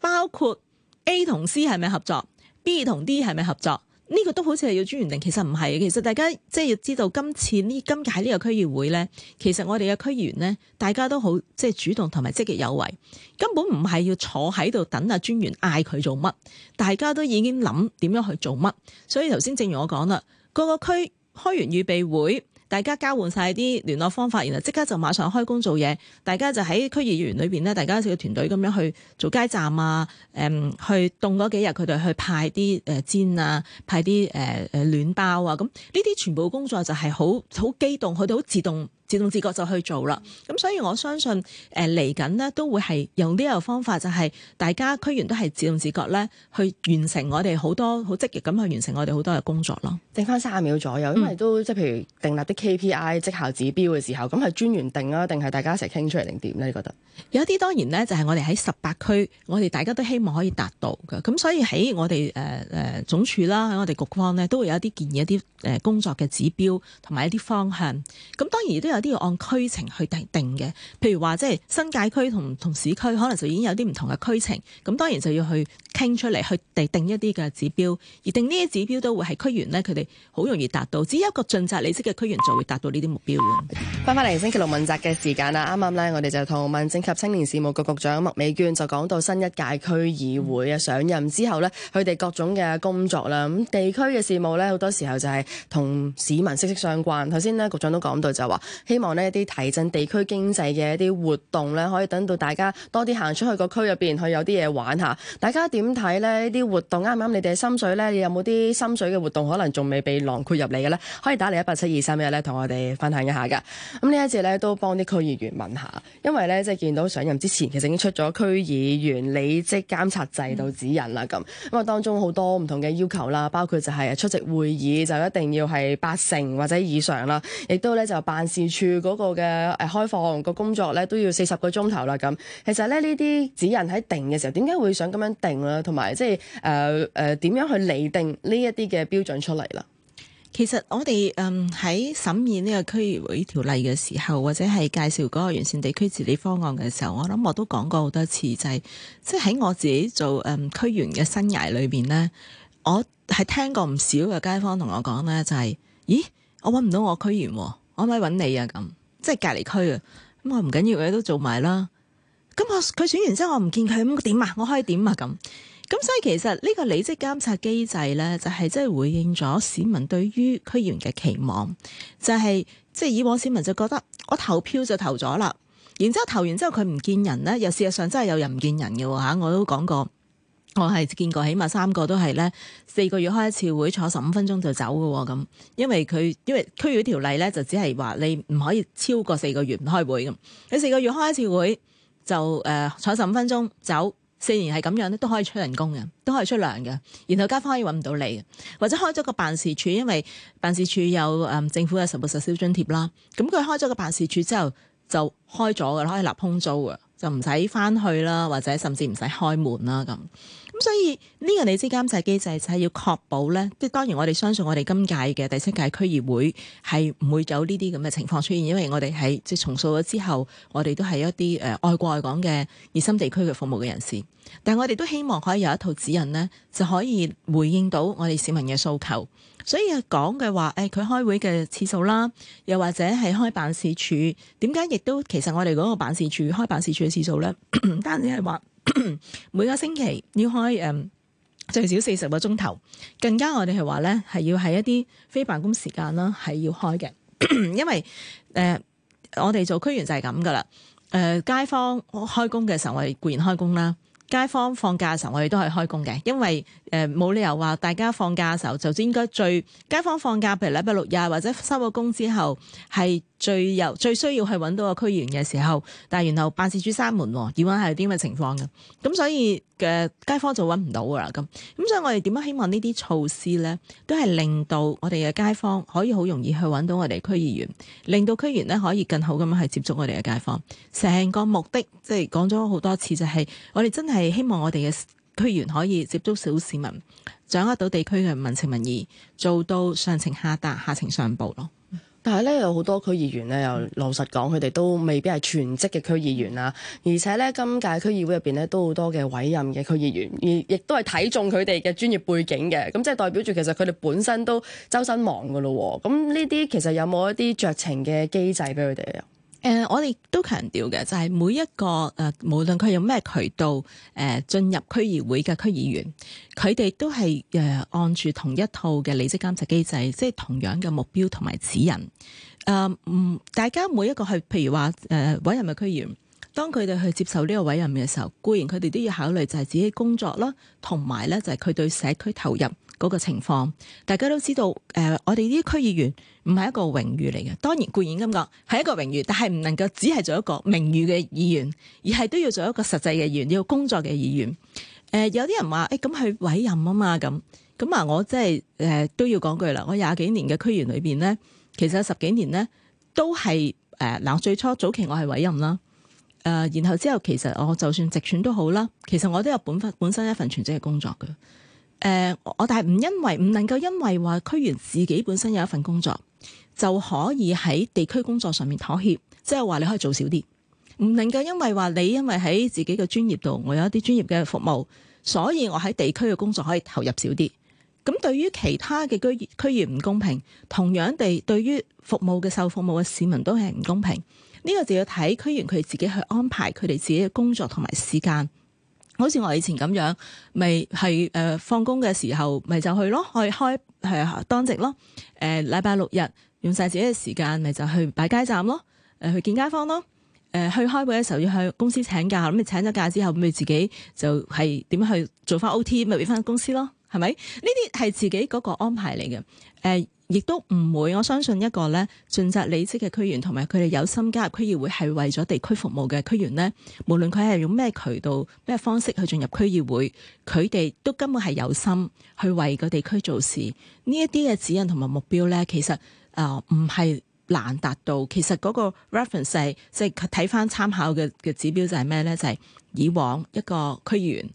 包括 A 同 C 係咪合作，B 同 D 係咪合作？呢個都好似係要專員定，其實唔係。其實大家即係要知道今次呢今屆呢個區議會咧，其實我哋嘅區議員呢，大家都好即係主動同埋積極有為，根本唔係要坐喺度等阿專員嗌佢做乜，大家都已經諗點樣去做乜。所以頭先正如我講啦，各個區開完預備會。大家交換晒啲聯絡方法，然後即刻就馬上開工做嘢。大家就喺區議員裏邊咧，大家一個團隊咁樣去做街站啊，誒、嗯，去凍嗰幾日佢哋去派啲誒煎啊，派啲誒誒暖包啊。咁呢啲全部工作就係好好機動，佢哋好自動。自動自覺就去做啦，咁所以我相信誒嚟緊呢都會係用呢個方法，就係、是、大家區員都係自動自覺咧去完成我哋好多好積極咁去完成我哋好多嘅工作咯。剩翻三十秒左右，因為都即係、嗯、譬如訂立啲 KPI 績效指標嘅時候，咁係專員定啊，定係大家一齊傾出嚟定點咧？你覺得有一啲當然咧，就係、是、我哋喺十八區，我哋大家都希望可以達到嘅，咁所以喺我哋誒誒總處啦，喺我哋局方咧都會有一啲建議一啲誒工作嘅指標同埋一啲方向，咁當然都有。啲要按區情去定嘅，譬如話即係新界區同同市區，可能就已經有啲唔同嘅區情，咁當然就要去傾出嚟，去定一啲嘅指標，而定呢啲指標都會係區員呢，佢哋好容易達到，只有一個盡責理質嘅區員就會達到呢啲目標嘅。翻返嚟星期六問責嘅時間啊，啱啱呢，我哋就同民政及青年事務局局，局長麥美娟就講到新一屆區議會啊上任之後呢，佢哋各種嘅工作啦，咁地區嘅事務呢，好多時候就係同市民息息相關。頭先呢，局長都講到就話。希望呢啲提振地區經濟嘅一啲活動咧，可以等到大家多啲行出去個區入邊去有啲嘢玩下。大家點睇咧？呢啲活動啱唔啱？合合你哋心水咧，你有冇啲心水嘅活動可能仲未被囊括入嚟嘅咧？可以打嚟一八七二三一咧，同我哋分享一下㗎。咁呢一節咧，都幫啲區議員問下，因為咧，即係見到上任之前其實已經出咗區議員履職監察制度指引啦咁，咁啊、嗯、因為當中好多唔同嘅要求啦，包括就係出席會議就一定要係八成或者以上啦，亦都咧就辦事。處嗰個嘅誒，開放個工作咧，都要四十個鐘頭啦。咁其實咧，呢啲指引喺定嘅時候，點解會想咁樣定啦？同埋即係誒誒，點樣去擬定呢一啲嘅標準出嚟？啦其實我哋嗯喺審議呢個區議會條例嘅時候，或者係介紹嗰個完善地區治理方案嘅時候，我諗我都講過好多次，就係即係喺我自己做誒區、嗯、員嘅生涯裏邊咧，我係聽過唔少嘅街坊同我講咧，就係、是、咦，我揾唔到我區議員、啊。我咪揾你啊！咁即係隔籬區啊！咁、嗯、我唔緊要嘅都做埋啦。咁我佢選完之後我唔見佢咁點啊？我可以點啊？咁咁、嗯、所以其實呢個履職監察機制咧，就係即係回應咗市民對於區議員嘅期望，就係即係以往市民就覺得我投票就投咗啦，然之後投完之後佢唔見人咧，又事實上真係有人唔見人嘅吓，我都講過。我係見過，起碼三個都係咧，四個月開一次會，坐十五分鐘就走嘅咁。因為佢因為區議條例咧，就只係話你唔可以超過四個月唔開會咁。你四個月開一次會就誒、呃、坐十五分鐘走，四年係咁樣咧，都可以出人工嘅，都可以出糧嘅。然後街坊可以揾唔到你，或者開咗個辦事處，因為辦事處有誒、嗯、政府嘅實報實銷津貼啦。咁佢開咗個辦事處之後就開咗嘅可以立空租嘅，就唔使翻去啦，或者甚至唔使開門啦咁。咁所以呢個你知監制機制就係要確保咧，即係當然我哋相信我哋今屆嘅第七屆區議會係唔會有呢啲咁嘅情況出現，因為我哋喺即係重塑咗之後，我哋都係一啲誒愛國愛港嘅熱心地區嘅服務嘅人士，但係我哋都希望可以有一套指引咧，就可以回應到我哋市民嘅訴求。所以講嘅話，誒、欸、佢開會嘅次數啦，又或者係開辦事處，點解亦都其實我哋嗰個辦事處開辦事處嘅次數咧，唔單止係話每個星期要開誒、嗯、最少四十個鐘頭，更加我哋係話咧係要喺一啲非辦公時間啦，係要開嘅， 因為誒、呃、我哋做區員就係咁噶啦，誒、呃、街坊開工嘅時候我哋固然開工啦。街坊放假嘅時候，我哋都可以開工嘅，因為誒、呃、冇理由話大家放假嘅時候就應該最街坊放假，譬如禮拜六日或者收咗工之後係。最又最需要係揾到個區議員嘅時候，但係然後辦事處閂門，要揾下係啲乜情況嘅，咁，所以嘅街坊就揾唔到噶啦。咁咁，所以我哋點樣希望呢啲措施呢都係令到我哋嘅街坊可以好容易去揾到我哋區議員，令到區議員呢可以更好咁樣去接觸我哋嘅街坊。成個目的即係講咗好多次，就係、是、我哋真係希望我哋嘅區議員可以接觸小市民，掌握到地區嘅民情民意，做到上情下達、下情上報咯。但係咧，有好多區議員咧，又老實講，佢哋都未必係全職嘅區議員啦。而且咧，今屆區議會入邊咧，都好多嘅委任嘅區議員，而亦都係睇中佢哋嘅專業背景嘅。咁即係代表住，其實佢哋本身都周身忙噶咯。咁呢啲其實有冇一啲酌情嘅機制俾佢哋啊？誒、嗯，我哋都強調嘅就係、是、每一個誒、呃，無論佢有咩渠道誒、呃、進入區議會嘅區議員，佢哋都係誒、呃、按住同一套嘅履職監察機制，即係同樣嘅目標同埋指引。誒、呃，唔大家每一個去，譬如話誒、呃、委任嘅區議員，當佢哋去接受呢個委任嘅時候，固然佢哋都要考慮就係自己工作啦，同埋咧就係佢對社區投入。嗰個情況，大家都知道。誒、呃，我哋呢區議員唔係一個榮譽嚟嘅，當然固然咁講係一個榮譽，但係唔能夠只係做一個名譽嘅議員，而係都要做一個實際嘅議員，要工作嘅議員。誒、呃，有啲人話誒、咁、欸、佢委任啊嘛，咁咁啊，我即係誒都要講句啦。我廿幾年嘅區議員裏邊咧，其實十幾年咧都係誒嗱，最初早期我係委任啦，誒、呃，然後之後其實我就算直選都好啦，其實我都有本分本身一份全職嘅工作嘅。誒、呃，我但係唔因為唔能夠因為話區員自己本身有一份工作，就可以喺地區工作上面妥協，即係話你可以做少啲，唔能夠因為話你因為喺自己嘅專業度，我有一啲專業嘅服務，所以我喺地區嘅工作可以投入少啲。咁對於其他嘅區區員唔公平，同樣地對於服務嘅受服務嘅市民都係唔公平。呢、這個就要睇區員佢自己去安排佢哋自己嘅工作同埋時間。好似我以前咁樣，咪係誒放工嘅時候，咪就去咯，去開係當值咯。誒禮拜六日用晒自己嘅時間，咪就去擺街站咯。誒、呃、去見街坊咯。誒、呃、去開會嘅時候要向公司請假，咁、呃、你請咗假之後，咁咪自己就係點去做翻 OT，咪俾翻公司咯。係咪？呢啲係自己嗰個安排嚟嘅。誒、呃。亦都唔會，我相信一個咧盡責理職嘅區員，同埋佢哋有心加入區議會，係為咗地區服務嘅區員呢，無論佢係用咩渠道，咩方式去進入區議會，佢哋都根本係有心去為個地區做事。呢一啲嘅指引同埋目標呢，其實誒唔係難達到。其實嗰個 reference 即係睇翻參考嘅嘅指標就係咩呢？就係以往一個區議員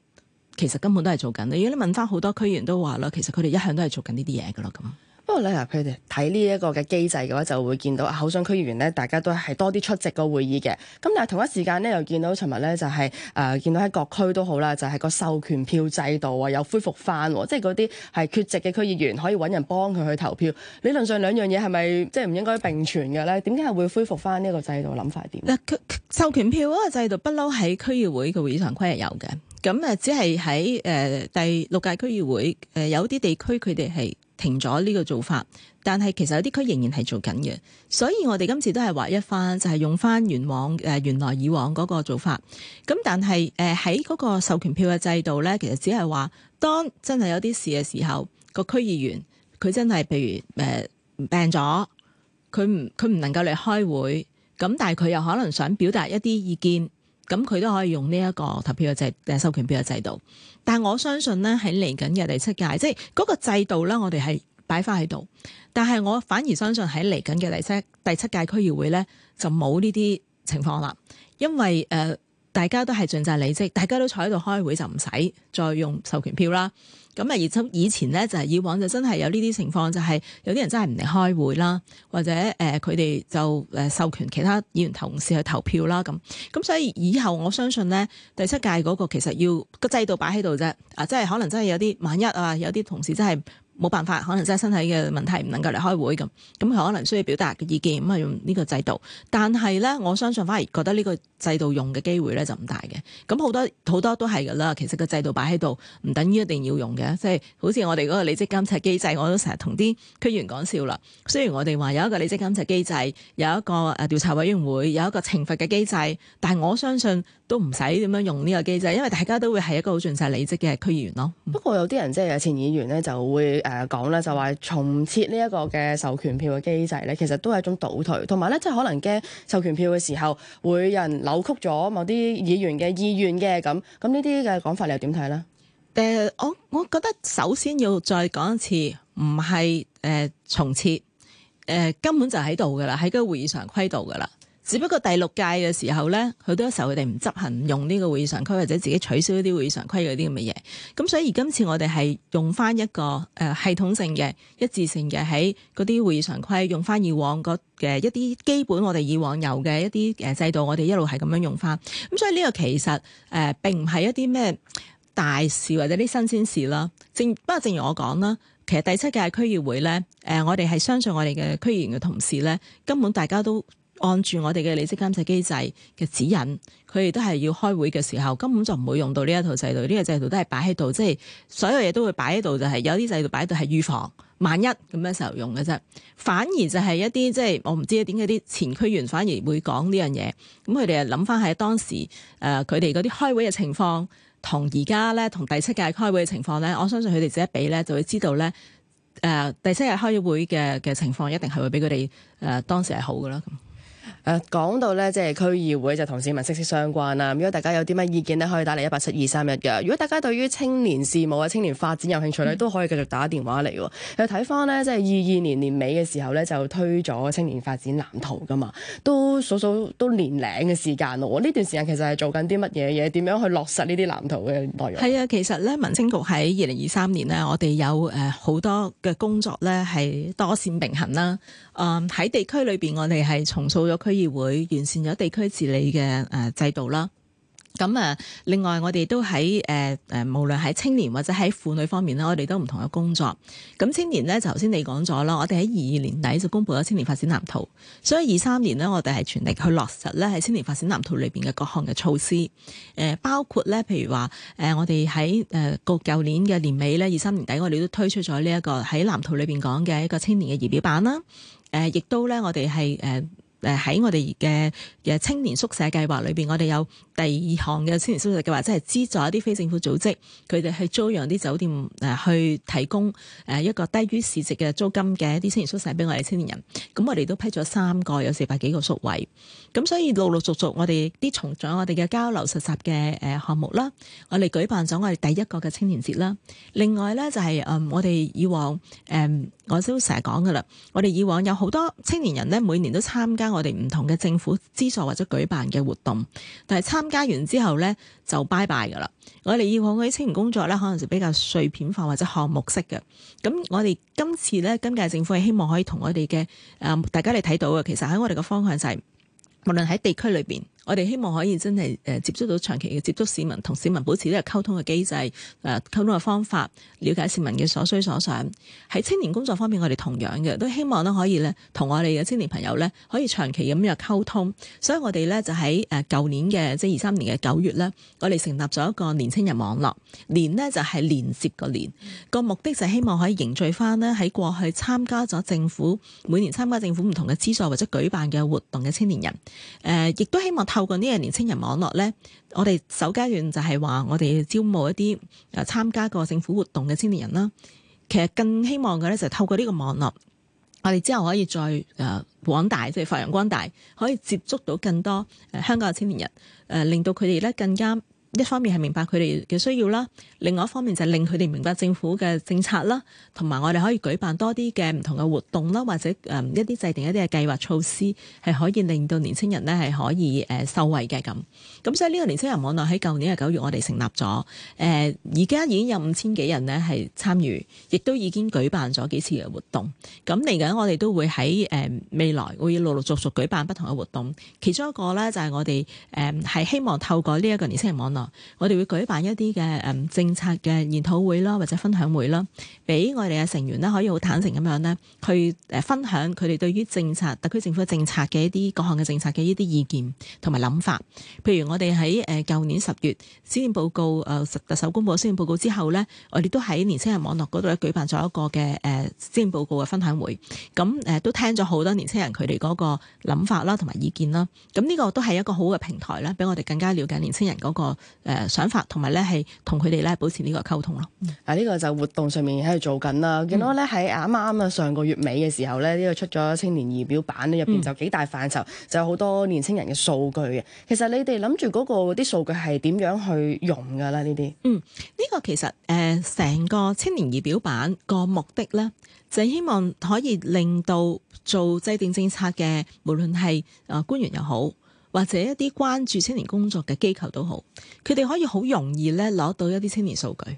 其實根本都係做緊。如果你問翻好多區議員都話啦，其實佢哋一向都係做緊呢啲嘢噶咯，咁。不過咧，嗱，佢哋睇呢一個嘅機制嘅話，就會見到啊，候選區議員咧，大家都係多啲出席個會議嘅。咁但係同一時間咧，又見到尋日咧就係、是、誒、呃、見到喺各區都好啦，就係、是、個授權票制度啊，又恢復翻，即係嗰啲係缺席嘅區議員可以搵人幫佢去投票。理論上兩樣嘢係咪即係唔應該並存嘅咧？點解係會恢復翻呢個制度？諗法點？嗱，授權票嗰個制度不嬲喺區議會嘅會議常規係有嘅。咁啊，只係喺誒第六屆區議會誒有啲地區佢哋係。停咗呢個做法，但係其實有啲區仍然係做緊嘅，所以我哋今次都係話一翻，就係、是、用翻原往誒、呃、原來以往嗰個做法。咁但係誒喺嗰個授權票嘅制度咧，其實只係話當真係有啲事嘅時候，個區議員佢真係譬如誒、呃、病咗，佢唔佢唔能夠嚟開會，咁但係佢又可能想表達一啲意見。咁佢都可以用呢一個投票嘅制，即係授權票嘅制度。但係我相信咧，喺嚟緊嘅第七屆，即係嗰個制度咧，我哋係擺翻喺度。但係我反而相信喺嚟緊嘅第七第七屆區議會咧，就冇呢啲情況啦，因為誒。呃大家都係盡責履職，大家都坐喺度開會就唔使再用授權票啦。咁啊，而今以前咧就係以往就真係有呢啲情況，就係有啲人真係唔嚟開會啦，或者誒佢哋就誒授權其他議員同事去投票啦咁。咁所以以後我相信咧，第七屆嗰個其實要個制度擺喺度啫，啊，即係可能真係有啲萬一啊，有啲同事真係。冇辦法，可能真係身體嘅問題，唔能夠嚟開會咁，咁佢可能需要表達嘅意見，咁係用呢個制度。但係咧，我相信反而覺得呢個制度用嘅機會咧就唔大嘅。咁好多好多都係㗎啦，其實個制度擺喺度，唔等於一定要用嘅。即係好似我哋嗰個履職監察機制，我都成日同啲區議員講笑啦。雖然我哋話有一個履職監察機制，有一個誒調查委員會，有一個懲罰嘅機制，但係我相信都唔使點樣用呢個機制，因為大家都會係一個好盡責履職嘅區議員咯。不過有啲人即係前議員咧就會。誒講咧就話、是、重設呢一個嘅授權票嘅機制咧，其實都係一種倒退，同埋咧即係可能驚授權票嘅時候會有人扭曲咗某啲議員嘅意願嘅咁，咁呢啲嘅講法你又點睇咧？誒、呃，我我覺得首先要再講一次，唔係誒重設，誒、呃、根本就喺度㗎喇，喺個會議常規度㗎喇。只不過第六屆嘅時候咧，佢都有時候佢哋唔執行，用呢個會議常規，或者自己取消啲會議常規嗰啲咁嘅嘢。咁所以今次我哋係用翻一個誒系統性嘅、一致性嘅喺嗰啲會議常規，用翻以往嘅一啲基本，我哋以往有嘅一啲誒制度，我哋一路係咁樣用翻。咁所以呢個其實誒、呃、並唔係一啲咩大事或者啲新鮮事啦。正不過正如我講啦，其實第七屆區議會咧，誒、呃、我哋係相信我哋嘅區議員嘅同事咧，根本大家都。按住我哋嘅利息監察機制嘅指引，佢哋都係要開會嘅時候，根本就唔會用到呢一套制度。呢個制度都係擺喺度，即係所有嘢都會擺喺度，就係、是、有啲制度擺喺度係預防萬一咁嘅時候用嘅啫。反而就係一啲即係我唔知點解啲前區員反而會講呢樣嘢。咁佢哋又諗翻喺當時誒佢哋嗰啲開會嘅情況，同而家咧同第七屆開會嘅情況咧，我相信佢哋自己一比咧就會知道咧誒、呃、第七日開會嘅嘅情況一定係會比佢哋誒當時係好㗎啦。誒講、呃、到咧，即係區議會就同市民息息相關啦。如果大家有啲乜意見咧，可以打嚟一八七二三一嘅。如果大家對於青年事務啊、青年發展有興趣咧，都可以繼續打電話嚟喎。又睇翻呢，即係二二年年尾嘅時候咧，就推咗青年發展藍圖噶嘛，都數數都年零嘅時間咯。呢段時間其實係做緊啲乜嘢嘢？點樣去落實呢啲藍圖嘅內容？係啊，其實呢，民政局喺二零二三年呢，我哋有誒好、呃、多嘅工作咧，係多線並行啦。喺、呃、地區裏邊，我哋係重塑咗區議會完善咗地區治理嘅誒制度啦。咁啊，另外我哋都喺誒誒，無論喺青年或者喺婦女方面咧，我哋都唔同嘅工作。咁青年呢，就頭先你講咗啦。我哋喺二二年底就公布咗青年發展藍圖，所以二三年呢，我哋係全力去落實咧喺青年發展藍圖裏邊嘅各項嘅措施。誒，包括咧，譬如話誒，我哋喺誒舊年嘅年尾咧，二三年底我哋都推出咗呢一個喺藍圖裏邊講嘅一個青年嘅儀表板啦。誒，亦都咧，我哋係誒。呃誒喺我哋嘅嘅青年宿舍計劃裏邊，我哋有。第二項嘅青年宿舍嘅話，即係資助一啲非政府組織，佢哋去租用啲酒店誒，去提供誒一個低於市值嘅租金嘅一啲青年宿舍俾我哋青年人。咁我哋都批咗三個，有四百幾個宿位。咁所以陸陸續續，我哋啲從咗我哋嘅交流實習嘅誒項目啦，我哋舉辦咗我哋第一個嘅青年節啦。另外呢，就係、是、誒、嗯、我哋以往誒、嗯，我都成日講㗎喇，我哋以往有好多青年人呢，每年都參加我哋唔同嘅政府資助或者舉辦嘅活動，但係參加完之後咧就拜拜噶啦。我哋以往嗰啲青年工作咧，可能就比較碎片化或者項目式嘅。咁我哋今次咧，今屆政府係希望可以同我哋嘅誒，大家你睇到嘅，其實喺我哋嘅方向就係，無論喺地區裏邊。我哋希望可以真係誒、呃、接觸到長期嘅接觸市民，同市民保持呢個溝通嘅機制，誒、呃、溝通嘅方法，了解市民嘅所需所想。喺青年工作方面，我哋同樣嘅，都希望咧可以咧同我哋嘅青年朋友咧可以長期咁樣溝通。所以我哋咧就喺誒舊年，嘅即係二三年嘅九月咧，我哋成立咗一個年青人網絡，年咧就係、是、連接個年，個目的就係希望可以凝聚翻咧喺過去參加咗政府每年參加政府唔同嘅資助或者舉辦嘅活動嘅青年人，誒、呃、亦都希望。透過呢個年青人網絡呢，我哋首階段就係話我哋招募一啲誒參加過政府活動嘅青年人啦。其實更希望嘅呢，就係透過呢個網絡，我哋之後可以再誒擴大，即係發揚光大，可以接觸到更多誒香港嘅青年人，誒令到佢哋呢更加。一方面係明白佢哋嘅需要啦，另外一方面就係令佢哋明白政府嘅政策啦，同埋我哋可以舉辦多啲嘅唔同嘅活動啦，或者誒一啲制定一啲嘅計劃措施，係可以令到年輕人呢係可以誒受惠嘅咁。咁所以呢個年輕人網絡喺舊年嘅九月我哋成立咗，誒而家已經有五千幾人呢係參與，亦都已經舉辦咗幾次嘅活動。咁嚟緊我哋都會喺誒未來會陸陸續續舉辦不同嘅活動，其中一個呢，就係我哋誒係希望透過呢一個年輕人網絡。我哋會舉辦一啲嘅誒政策嘅研討會啦，或者分享會啦，俾我哋嘅成員咧可以好坦誠咁樣呢，去誒分享佢哋對於政策特區政府嘅政策嘅一啲各項嘅政策嘅一啲意見同埋諗法。譬如我哋喺誒舊年十月施政報告誒、呃、特首公布施政報告之後呢，我哋都喺年青人網絡嗰度咧舉辦咗一個嘅誒施政報告嘅分享會。咁誒、呃、都聽咗好多年青人佢哋嗰個諗法啦，同埋意見啦。咁呢、呢個都係一個好嘅平台啦，俾我哋更加了解年青人嗰、嗰個。誒、呃，想法同埋咧係同佢哋咧保持呢個溝通咯。嗯、啊、呢、這個就活動上面喺度做緊啦。見到咧喺啱啱啊上個月尾嘅時候咧、呢、這個出咗青年儀表板咧，入邊就幾大範疇，就有好多年輕人嘅數據嘅。其實你哋諗住嗰個啲數據係點樣去用噶啦呢啲嗯、呢、這個其實誒、成、呃、個青年儀表板個目的咧，就係、希望可以令到做制定政策嘅，無論係誒官員又好。或者一啲關注青年工作嘅機構都好，佢哋可以好容易咧攞到一啲青年數據。誒、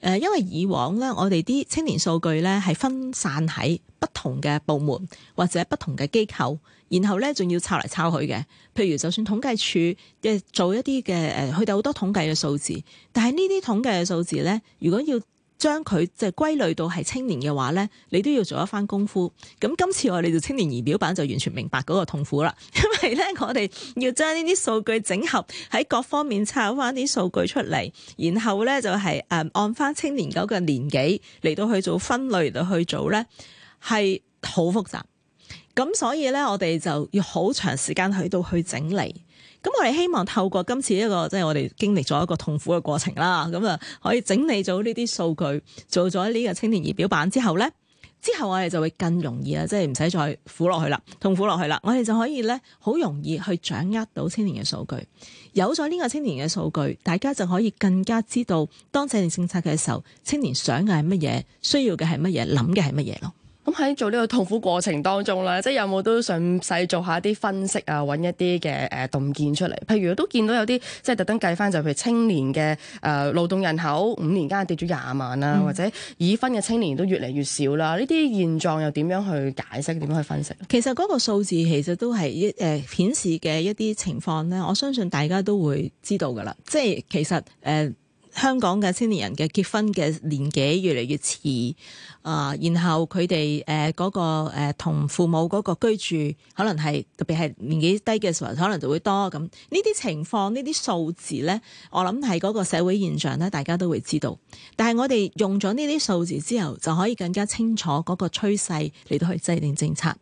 呃，因為以往咧，我哋啲青年數據咧係分散喺不同嘅部門或者不同嘅機構，然後咧仲要抄嚟抄去嘅。譬如就算統計處嘅做一啲嘅誒，佢哋好多統計嘅數字，但係呢啲統計嘅數字咧，如果要將佢即係歸類到係青年嘅話咧，你都要做一番功夫。咁今次我哋做青年儀表板就完全明白嗰個痛苦啦，因為咧我哋要將呢啲數據整合，喺各方面抄翻啲數據出嚟，然後咧就係誒按翻青年嗰個年紀嚟到去做分類做，到去做咧係好複雜。咁所以咧，我哋就要好長時間喺度去整理。咁我哋希望透過今次一個即係我哋經歷咗一個痛苦嘅過程啦，咁啊可以整理咗呢啲數據，做咗呢個青年儀表板之後咧，之後我哋就會更容易啦，即係唔使再苦落去啦，痛苦落去啦，我哋就可以咧好容易去掌握到青年嘅數據，有咗呢個青年嘅數據，大家就可以更加知道當制定政策嘅時候，青年想嘅係乜嘢，需要嘅係乜嘢，諗嘅係乜嘢咯。咁喺、嗯、做呢個痛苦過程當中啦，即係有冇都想細做下啲分析啊，揾一啲嘅誒洞見出嚟。譬如都見到有啲即係特登計翻，就譬如青年嘅誒勞動人口五年間跌咗廿萬啦，嗯、或者已婚嘅青年都越嚟越少啦。呢啲現狀又點樣去解釋？點樣去分析？其實嗰個數字其實都係一誒、呃、顯示嘅一啲情況咧，我相信大家都會知道㗎啦。即係其實誒。呃.香港嘅青年人嘅結婚嘅年紀越嚟越遲啊、呃，然後佢哋誒嗰個誒同、呃、父母嗰個居住可能係特別係年紀低嘅時候，可能就會多咁呢啲情況，呢啲數字咧，我諗係嗰個社會現象咧，大家都會知道。但係我哋用咗呢啲數字之後就可以更加清楚嗰個趨勢嚟到去制定政策，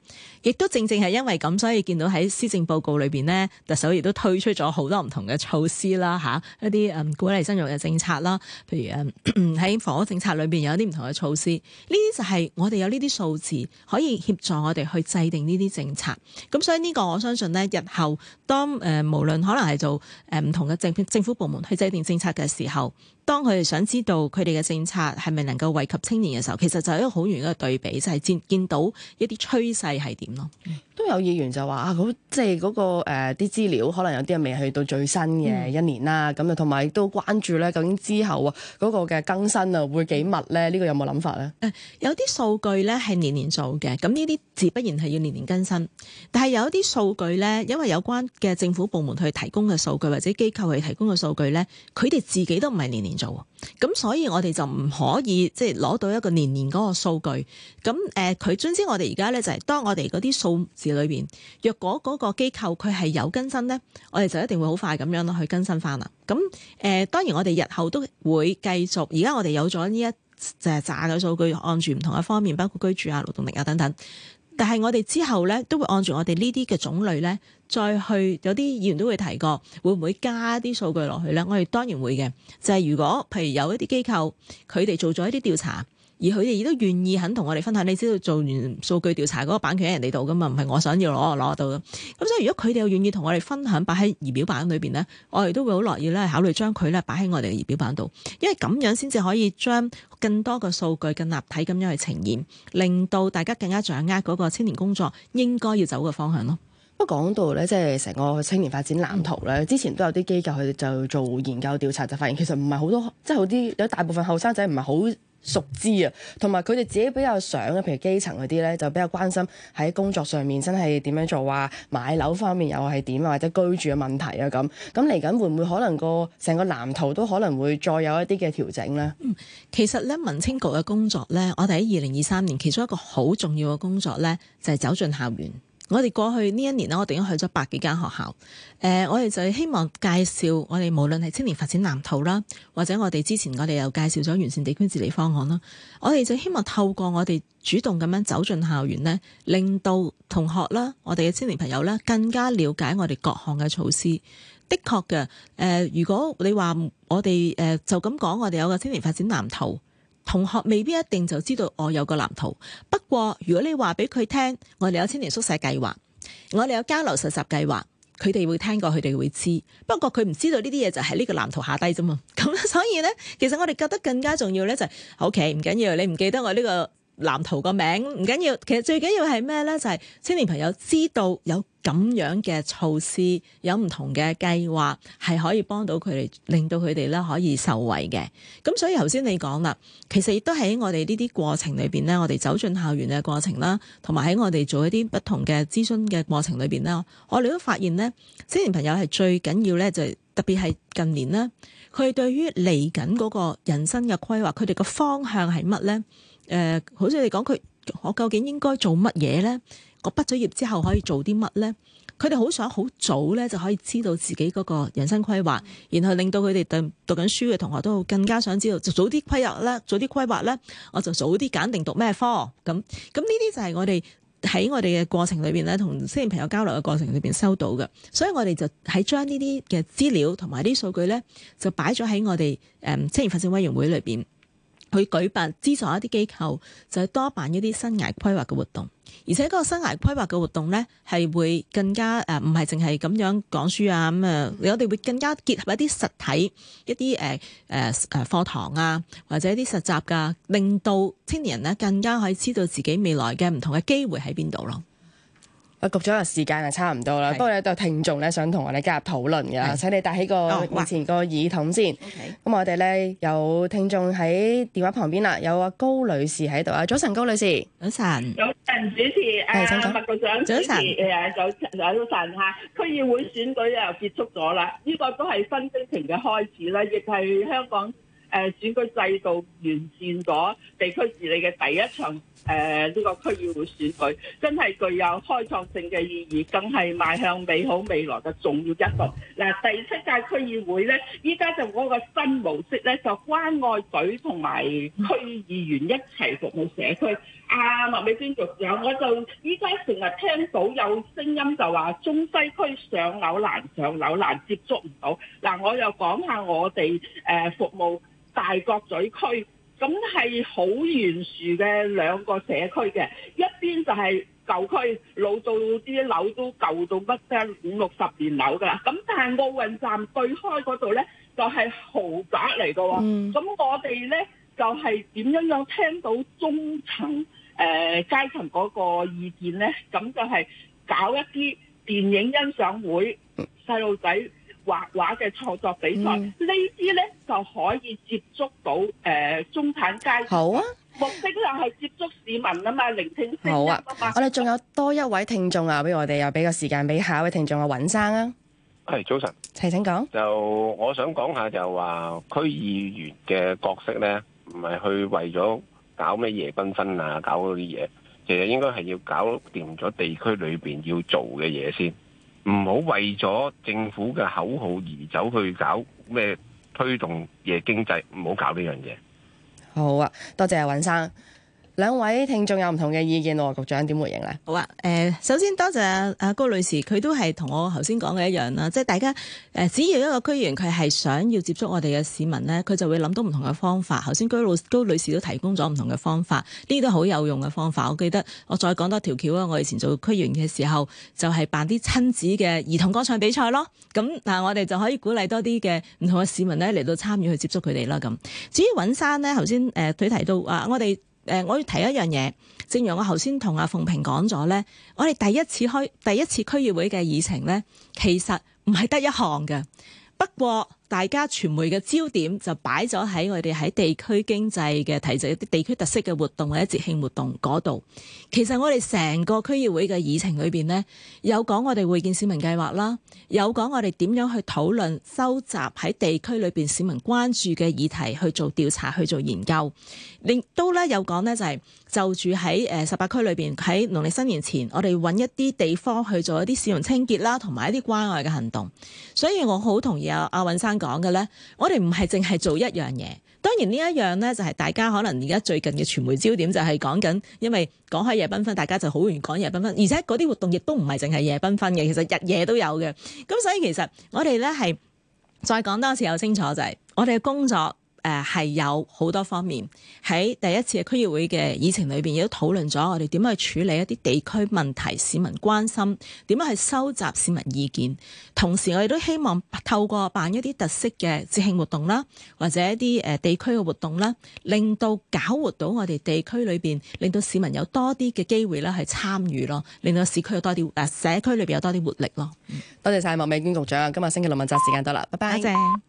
亦都正正係因為咁，所以見到喺施政報告裏邊咧，特首亦都推出咗好多唔同嘅措施啦，吓、啊、一啲誒、呃、鼓勵生育嘅政策。啦，譬如誒喺房屋政策裏邊有啲唔同嘅措施，呢啲就係我哋有呢啲數字可以協助我哋去制定呢啲政策。咁所以呢個我相信咧，日後當誒、呃、無論可能係做誒呃、唔同嘅政政府部門去制定政策嘅時候，當佢哋想知道佢哋嘅政策係咪能夠惠及青年嘅時候，其實就係一個好重要嘅對比，就係、是、見見到一啲趨勢係點咯。嗯、都有議員就話啊，即係嗰、那個啲、呃、資料，可能有啲人未去到最新嘅一年啦。咁啊、嗯，同埋都關注咧，究竟之後啊嗰個嘅更新啊會幾密咧？呢、這個有冇諗法咧、嗯？有啲數據咧係年年做嘅，咁呢啲自不然係要年年更新。但係有一啲數據咧，因為有關嘅政府部門去提供嘅數據，或者機構去提供嘅數據咧，佢哋自己都唔係年年，年。做咁，所以我哋就唔可以即係攞到一個年年嗰個數據。咁、呃、誒，佢總之我哋而家咧就係、是、當我哋嗰啲數字裏邊，若果嗰個機構佢係有更新咧，我哋就一定會好快咁樣去更新翻啦。咁、呃、誒，當然我哋日後都會繼續。而家我哋有咗呢一只炸嘅數據，按住唔同嘅方面，包括居住啊、勞動力啊等等。但係我哋之後咧，都會按住我哋呢啲嘅種類咧，再去有啲議員都會提過，會唔會加啲數據落去咧？我哋當然會嘅，就係如果譬如有一啲機構佢哋做咗一啲調查。而佢哋亦都願意肯同我哋分享，你知道做完數據調查嗰個版權喺人哋度㗎嘛？唔係我想要攞，攞到咯。咁所以如果佢哋又願意同我哋分享，擺喺儀表板裏邊呢，我哋都會好樂意咧考慮將佢咧擺喺我哋嘅儀表板度，因為咁樣先至可以將更多嘅數據更立體咁樣去呈現，令到大家更加掌握嗰個青年工作應該要走嘅方向咯。不過講到呢，即係成個青年發展藍圖呢，之前都有啲機構佢哋就做研究調查，就發現其實唔係好多，即係好啲有大部分後生仔唔係好熟知啊，同埋佢哋自己比較想，嘅，譬如基層嗰啲咧，就比較關心喺工作上面真係點樣做啊，買樓方面又係點啊，或者居住嘅問題啊咁，咁嚟緊會唔會可能個成個藍圖都可能會再有一啲嘅調整咧？嗯，其實咧，民青局嘅工作咧，我哋喺二零二三年，其中一個好重要嘅工作咧，就係、是、走進校園。我哋過去呢一年咧，我哋已經去咗百幾間學校。誒、呃，我哋就希望介紹我哋無論係青年發展藍圖啦，或者我哋之前我哋又介紹咗完善地區治理方案啦。我哋就希望透過我哋主動咁樣走進校園呢，令到同學啦、我哋嘅青年朋友啦，更加了解我哋各項嘅措施。的確嘅，誒、呃，如果你話我哋誒、呃、就咁講，我哋有個青年發展藍圖。同學未必一定就知道我有個藍圖，不過如果你話俾佢聽，我哋有青年宿舍計劃，我哋有交流實習計劃，佢哋會聽過，佢哋會知。不過佢唔知道呢啲嘢就喺呢個藍圖下低啫嘛。咁 所以呢，其實我哋覺得更加重要呢，就、okay, 係，OK 唔緊要，你唔記得我呢、這個。藍圖個名唔緊要，其實最緊要係咩呢？就係青年朋友知道有咁樣嘅措施，有唔同嘅計劃，係可以幫到佢哋，令到佢哋咧可以受惠嘅。咁所以頭先你講啦，其實亦都喺我哋呢啲過程裏邊呢，我哋走進校園嘅過程啦，同埋喺我哋做一啲不同嘅諮詢嘅過程裏邊呢，我哋都發現呢，青年朋友係最緊要呢，就係特別係近年呢，佢對於嚟緊嗰個人生嘅規劃，佢哋個方向係乜呢？誒、呃，好似你講佢，我究竟應該做乜嘢咧？我畢咗業之後可以做啲乜咧？佢哋好想好早咧就可以知道自己嗰個人生規劃，嗯、然後令到佢哋讀讀緊書嘅同學都更加想知道，就早啲規劃啦，早啲規劃咧，我就早啲揀定讀咩科咁。咁呢啲就係我哋喺我哋嘅過程裏邊咧，同青年朋友交流嘅過程裏邊收到嘅，所以我哋就喺將呢啲嘅資料同埋啲數據咧，就擺咗喺我哋誒青年發展委員會裏邊。去舉辦資助一啲機構，就係多辦一啲生涯規劃嘅活動，而且嗰個生涯規劃嘅活動咧，係會更加誒，唔係淨係咁樣講書啊咁啊，我哋會更加結合一啲實體一啲誒誒誒課堂啊，或者一啲實習噶，令到青年人咧，更加可以知道自己未來嘅唔同嘅機會喺邊度咯。啊，局長啊，時間啊，差唔多啦。不過咧，有聽眾咧想同我哋加入討論嘅，請你戴起個面前個耳筒先。咁我哋咧有聽眾喺電話旁邊啦，有啊高女士喺度啊。早晨，高女士。早晨。早晨，主持。係，麥局長。早晨。早晨。早晨啊，區議會選舉又結束咗啦，呢個都係新征程嘅開始啦，亦係香港。誒選舉制度完善咗地區治理嘅第一場誒呢個區議會選舉，真係具有開創性嘅意義，更係邁向美好未來嘅重要一步。嗱，第七屆區議會咧，依家就嗰個新模式咧，就關愛隊同埋區議員一齊服務社區。啊，麥美娟局長，我就依家成日聽到有聲音就話中西區上樓難，上樓難接觸唔到。嗱，我又講下我哋誒服務。大角咀區咁係好懸殊嘅兩個社區嘅，一邊就係舊區老到啲樓都舊到乜聲，五六十年樓㗎啦。咁但係奧運站對開嗰度呢，就係、是、豪宅嚟嘅喎。咁我哋呢，就係點樣樣聽到中層誒、呃、階層嗰個意見呢？咁就係搞一啲電影欣賞會，細路仔。畫畫嘅創作比賽，嗯、呢啲咧就可以接觸到誒、呃、中產階級。好啊，目的就係接觸市民，吖嘛，聆聽市民。好啊，啊我哋仲有多一位聽眾啊，不如我哋又俾個時間俾下一位聽眾啊。尹生啊。係早晨，齊請講。就我想講下就話區議員嘅角色咧，唔係去為咗搞咩夜繽紛啊，搞嗰啲嘢，其實應該係要搞掂咗地區裏邊要做嘅嘢先。唔好為咗政府嘅口號而走去搞咩推動夜經濟，唔好搞呢樣嘢。好啊，多謝尹生。兩位聽眾有唔同嘅意見喎，局長點回應呢？好啊，誒，首先多謝阿高女士，佢都係同我頭先講嘅一樣啦，即係大家誒，只要一個區議員佢係想要接觸我哋嘅市民呢，佢就會諗到唔同嘅方法。頭先高高女士都提供咗唔同嘅方法，呢啲都好有用嘅方法。我記得我再講多一條橋啦，我以前做區議員嘅時候，就係辦啲親子嘅兒童歌唱比賽咯。咁嗱、嗯嗯，我哋就可以鼓勵多啲嘅唔同嘅市民呢，嚟到參與去接觸佢哋啦。咁至於尹生呢，頭先誒佢提到啊，我哋。Our 誒、呃，我要提一樣嘢。正如我頭先同阿鳳萍講咗咧，我哋第一次開第一次區議會嘅議程咧，其實唔係得一項嘅。不過，大家傳媒嘅焦點就擺咗喺我哋喺地區經濟嘅，提咗一啲地區特色嘅活動或者節慶活動嗰度。其實我哋成個區議會嘅議程裏邊呢，有講我哋會見市民計劃啦，有講我哋點樣去討論收集喺地區裏邊市民關注嘅議題，去做調查，去做研究。另都咧有講呢、就是，就係就住喺誒十八區裏邊喺農曆新年前，我哋揾一啲地方去做一啲市容清潔啦，同埋一啲關愛嘅行動。所以我好同意阿阿允生講嘅咧，我哋唔係淨係做一樣嘢。當然呢一樣咧，就係大家可能而家最近嘅傳媒焦點就係講緊，因為講開夜繽紛，大家就好容易講夜繽紛。而且嗰啲活動亦都唔係淨係夜繽紛嘅，其實日夜都有嘅。咁所以其實我哋咧係再講多次又清楚就係、是，我哋嘅工作。誒係、呃、有好多方面喺第一次嘅區議會嘅議程裏邊，亦都討論咗我哋點樣去處理一啲地區問題，市民關心點樣去收集市民意見，同時我哋都希望透過辦一啲特色嘅節慶活動啦，或者一啲誒、呃、地區嘅活動啦，令到搞活到我哋地區裏邊，令到市民有多啲嘅機會啦，去參與咯，令到市區有多啲誒、呃、社區裏邊有多啲活力咯。嗯、多謝晒，麥美娟局長，今日星期六問責時間到啦，拜拜。多謝。